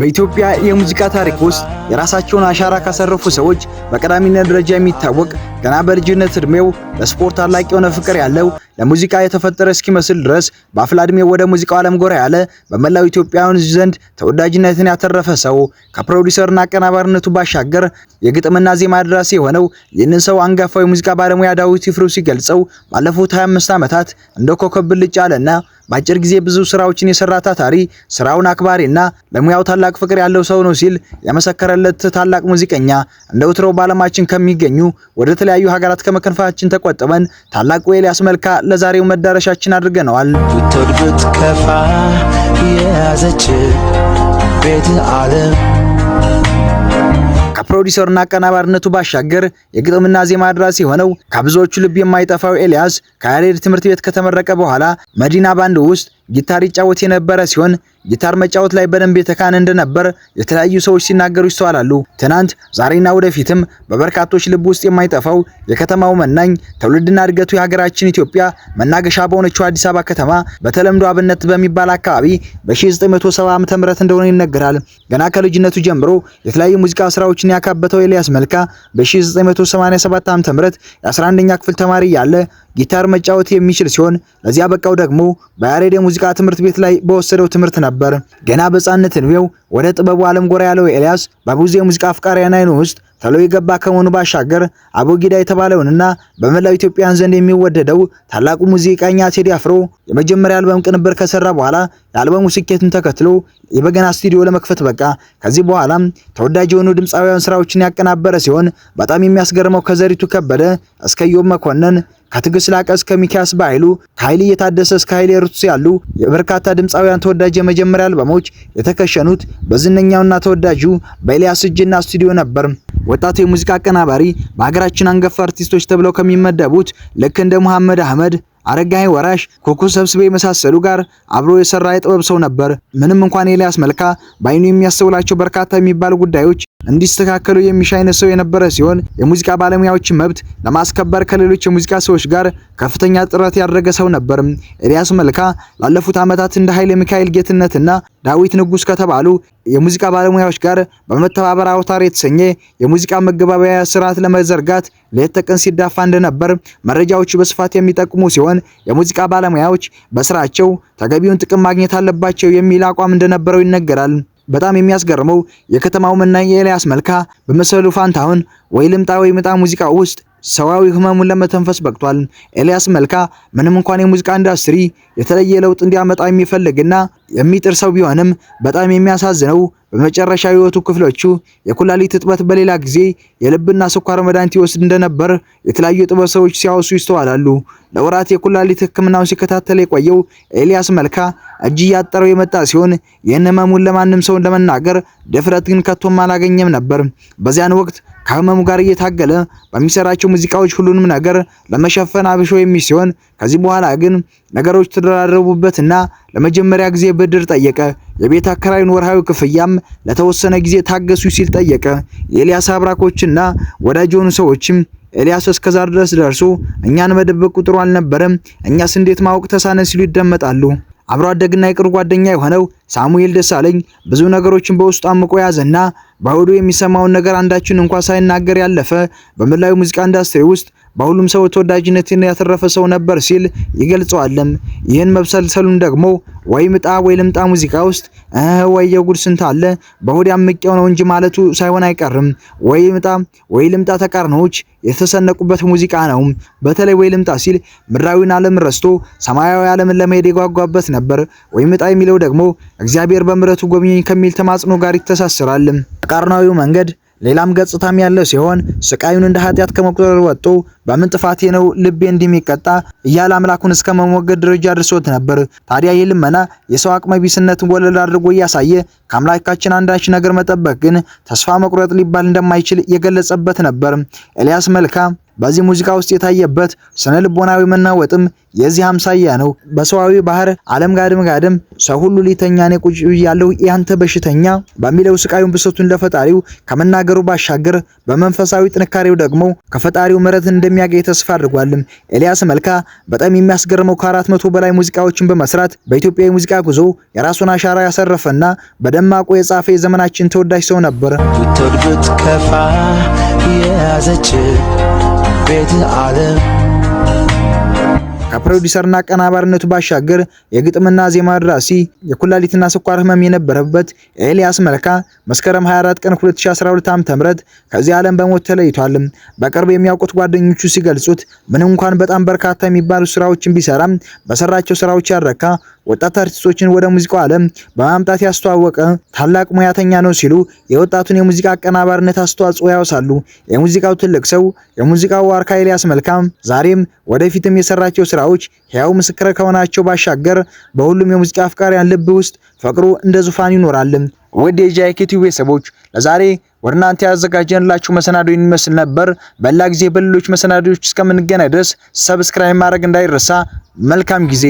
በኢትዮጵያ የሙዚቃ ታሪክ ውስጥ የራሳቸውን አሻራ ካሰረፉ ሰዎች በቀዳሚነት ደረጃ የሚታወቅ ገና በልጅነት እድሜው ለስፖርት ታላቅ የሆነ ፍቅር ያለው ለሙዚቃ የተፈጠረ እስኪመስል ድረስ በአፍላ ዕድሜው ወደ ሙዚቃው ዓለም ጎራ ያለ በመላው ኢትዮጵያውያን ዘንድ ተወዳጅነትን ያተረፈ ሰው ከፕሮዲሰርና አቀናባሪነቱ ባሻገር የግጥምና ዜማ ደራሲ የሆነው ይህንን ሰው አንጋፋው የሙዚቃ ባለሙያ ዳዊት ይፍሩ ሲገልጸው ባለፉት 25 ዓመታት እንደ ኮከብ ብልጭ ያለና በአጭር ጊዜ ብዙ ስራዎችን የሰራ ታታሪ፣ ስራውን አክባሪና ለሙያው ታላቅ ፍቅር ያለው ሰው ነው ሲል ያመሰከረለት ታላቅ ሙዚቀኛ እንደ ወትሮው በዓለማችን ከሚገኙ ወደ ተለያዩ ሀገራት ከመከንፋችን ተቆጥበን ታላቁ ኤልያስ መልካ ለዛሬው መዳረሻችን አድርገነዋል። ብትወድብት ከፋ የያዘች ቤት ዓለም ከፕሮዲሰርና አቀናባሪነቱ ባሻገር የግጥምና ዜማ ደራሲ የሆነው ከብዙዎቹ ልብ የማይጠፋው ኤልያስ ከያሬድ ትምህርት ቤት ከተመረቀ በኋላ መዲና ባንድ ውስጥ ጊታር ይጫወት የነበረ ሲሆን ጊታር መጫወት ላይ በደንብ የተካነ እንደነበር የተለያዩ ሰዎች ሲናገሩ ይስተዋላሉ። ትናንት ዛሬና ወደፊትም በበርካቶች ልብ ውስጥ የማይጠፋው የከተማው መናኝ ትውልድና እድገቱ የሀገራችን ኢትዮጵያ መናገሻ በሆነችው አዲስ አበባ ከተማ በተለምዶ አብነት በሚባል አካባቢ በ1970 ም እንደሆነ ይነገራል። ገና ከልጅነቱ ጀምሮ የተለያዩ ሙዚቃ ስራዎችን ያካበተው ኤልያስ መልካ በ1987 ም የ11ኛ ክፍል ተማሪ ያለ ጊታር መጫወት የሚችል ሲሆን ለዚያ በቃው ደግሞ በያሬድ የሙዚቃ ትምህርት ቤት ላይ በወሰደው ትምህርት ነበር። ገና በፃነት ዕድሜው ወደ ጥበቡ ዓለም ጎራ ያለው ኤልያስ በብዙ የሙዚቃ አፍቃሪያን ዓይን ውስጥ ተሎ የገባ ከመሆኑ ባሻገር አቦጊዳ የተባለውንና በመላው ኢትዮጵያን ዘንድ የሚወደደው ታላቁ ሙዚቀኛ ቴዲ አፍሮ የመጀመሪያ አልበም ቅንብር ከሰራ በኋላ የአልበሙ ስኬትን ተከትሎ የበገና ስቱዲዮ ለመክፈት በቃ። ከዚህ በኋላም ተወዳጅ የሆኑ ድምፃውያን ስራዎችን ያቀናበረ ሲሆን በጣም የሚያስገርመው ከዘሪቱ ከበደ እስከ ዮብ መኮንን ከትግስ ላቀ እስከ ሚኪያስ ባይሉ ከኃይሌ እየታደሰ እስከ ኃይሌ ርቱስ ያሉ የበርካታ ድምፃውያን ተወዳጅ የመጀመሪያ አልበሞች የተከሸኑት በዝነኛውና ተወዳጁ በኤልያስ እጅና ስቱዲዮ ነበር። ወጣቱ የሙዚቃ አቀናባሪ በሀገራችን አንገፋ አርቲስቶች ተብለው ከሚመደቡት ልክ እንደ መሐመድ አህመድ አረጋይ ወራሽ፣ ኩኩ ሰብስቤ የመሳሰሉ ጋር አብሮ የሰራ የጥበብ ሰው ነበር። ምንም እንኳን ኤልያስ መልካ በአይኑ የሚያስተውላቸው በርካታ የሚባሉ ጉዳዮች እንዲስተካከሉ የሚሻ አይነት ሰው የነበረ ሲሆን የሙዚቃ ባለሙያዎችን መብት ለማስከበር ከሌሎች የሙዚቃ ሰዎች ጋር ከፍተኛ ጥረት ያደረገ ሰው ነበር። ኤልያስ መልካ ላለፉት ዓመታት እንደ ኃይለ ሚካኤል ጌትነትና ዳዊት ንጉስ ከተባሉ የሙዚቃ ባለሙያዎች ጋር በመተባበር አውታር የተሰኘ የሙዚቃ መገባበያ ስርዓት ለመዘርጋት ሌት ተቀን ሲዳፋ እንደነበር መረጃዎቹ በስፋት የሚጠቁሙ ሲሆን የሙዚቃ ባለሙያዎች በስራቸው ተገቢውን ጥቅም ማግኘት አለባቸው የሚል አቋም እንደነበረው ይነገራል። በጣም የሚያስገርመው የከተማው መናኝ ኤልያስ መልካ በመሰሉ ፋንታሁን ወይ ልምጣ ወይ ምጣ ሙዚቃ ውስጥ ሰዋዊ ህመሙን ለመተንፈስ በቅቷል። ኤልያስ መልካ ምንም እንኳን የሙዚቃ ኢንዱስትሪ የተለየ ለውጥ እንዲያመጣ የሚፈልግና የሚጥር ሰው ቢሆንም በጣም የሚያሳዝነው በመጨረሻ የህይወቱ ክፍሎቹ የኩላሊት እጥበት፣ በሌላ ጊዜ የልብና ስኳር መድኃኒት ይወስድ እንደነበር የተለያዩ የጥበብ ሰዎች ሲያወሱ ይስተዋላሉ። ለወራት የኩላሊት ሕክምናውን ሲከታተል የቆየው ኤልያስ መልካ እጅ እያጠረው የመጣ ሲሆን ይህን ህመሙን ለማንም ሰው ለመናገር ድፍረት ግን ከቶም አላገኘም ነበር። በዚያን ወቅት ከህመሙ ጋር እየታገለ በሚሰራቸው ሙዚቃዎች ሁሉንም ነገር ለመሸፈን አብሾ የሚል ሲሆን ከዚህ በኋላ ግን ነገሮች ተደራረቡበትና ለመጀመሪያ ጊዜ ብድር ጠየቀ። የቤት አከራዩን ወርሃዊ ክፍያም ለተወሰነ ጊዜ ታገሱ ሲል ጠየቀ። የኤልያስ አብራኮችና ወዳጅ የሆኑ ሰዎችም ኤልያስ እስከዛር ድረስ ደርሶ እኛን መደበቅ ቁጥሩ አልነበረም፣ እኛስ እንዴት ማወቅ ተሳነን ሲሉ ይደመጣሉ። አብሮ አደግና የቅርብ ጓደኛ የሆነው ሳሙኤል ደሳለኝ ብዙ ነገሮችን በውስጡ አምቆ የያዘና በሆዱ የሚሰማውን ነገር አንዳችን እንኳ ሳይናገር ያለፈ በመላው ሙዚቃ ኢንዱስትሪ ውስጥ በሁሉም ሰው ተወዳጅነትን ያተረፈ ሰው ነበር ሲል ይገልጸዋልም። ይህን መብሰልሰሉን ደግሞ ወይ ምጣ ወይ ልምጣ ሙዚቃ ውስጥ ወይ የጉድ ስንት አለ በሆድ ያምቄው ነው እንጂ ማለቱ ሳይሆን አይቀርም። ወይ ምጣ ወይ ልምጣ ተቃርኖዎች የተሰነቁበት ሙዚቃ ነው። በተለይ ወይ ልምጣ ሲል ምድራዊን ዓለም ረስቶ ሰማያዊ ዓለምን ለመሄድ የጓጓበት ነበር። ወይ ምጣ የሚለው ደግሞ እግዚአብሔር በምሕረቱ ጎብኘኝ ከሚል ተማጽኖ ጋር ይተሳሰራል። ተቃርናዊው መንገድ ሌላም ገጽታም ያለው ሲሆን ስቃዩን እንደ ኃጢአት ከመቁጠር ወጦ በምን ጥፋቴ ነው ልቤ እንደሚቀጣ እያለ አምላኩን እስከ መሞገድ ደረጃ አድርሶት ነበር። ታዲያ ይህ ልመና የሰው አቅመ ቢስነትን ወለል አድርጎ እያሳየ ከአምላካችን አንዳች ነገር መጠበቅ ግን ተስፋ መቁረጥ ሊባል እንደማይችል የገለጸበት ነበር። ኤልያስ መልካ በዚህ ሙዚቃ ውስጥ የታየበት ስነ ልቦናዊ መናወጥም የዚህ አምሳያ ነው። በሰዋዊ ባህር አለም ጋድም ጋድም ሰው ሁሉ ሊተኛ እኔ ቁጭ ያለው ያንተ በሽተኛ በሚለው ስቃዩን ብሰቱን ለፈጣሪው ከመናገሩ ባሻገር በመንፈሳዊ ጥንካሬው ደግሞ ከፈጣሪው ምሕረት እንደሚያገኝ ተስፋ አድርጓልም። ኤልያስ መልካ በጣም የሚያስገርመው ከአራት መቶ በላይ ሙዚቃዎችን በመስራት በኢትዮጵያ የሙዚቃ ጉዞ የራሱን አሻራ ያሰረፈና በደማቁ የጻፈ የዘመናችን ተወዳጅ ሰው ነበር። ቤት ዓለም ከፕሮዲሰርና አቀናባሪነቱ ባሻገር የግጥምና ዜማ ደራሲ የኩላሊትና ስኳር ህመም የነበረበት ኤልያስ መልካ መስከረም 24 ቀን 2012 ዓ.ም ከዚህ ዓለም በሞት ተለይቷል። በቅርብ የሚያውቁት ጓደኞቹ ሲገልጹት ምንም እንኳን በጣም በርካታ የሚባሉ ስራዎችን ቢሰራም በሰራቸው ስራዎች ያረካ ወጣት አርቲስቶችን ወደ ሙዚቃው ዓለም በማምጣት ያስተዋወቀ ታላቅ ሙያተኛ ነው ሲሉ የወጣቱን የሙዚቃ አቀናባሪነት አስተዋጽኦ ያወሳሉ። የሙዚቃው ትልቅ ሰው የሙዚቃው ዋርካ ኤልያስ መልካም ዛሬም ወደፊትም የሰራቸው ስራዎች ሕያው ምስክር ከሆናቸው ባሻገር በሁሉም የሙዚቃ አፍቃሪያን ልብ ውስጥ ፈቅሮ እንደ ዙፋን ይኖራል። ውድ የጃኬቱ ቤተሰቦች ለዛሬ ወደ እናንተ ያዘጋጀንላችሁ መሰናዶ የሚመስል ነበር። በሌላ ጊዜ በሌሎች መሰናዶዎች እስከምንገናኝ ድረስ ሰብስክራይብ ማድረግ እንዳይረሳ። መልካም ጊዜ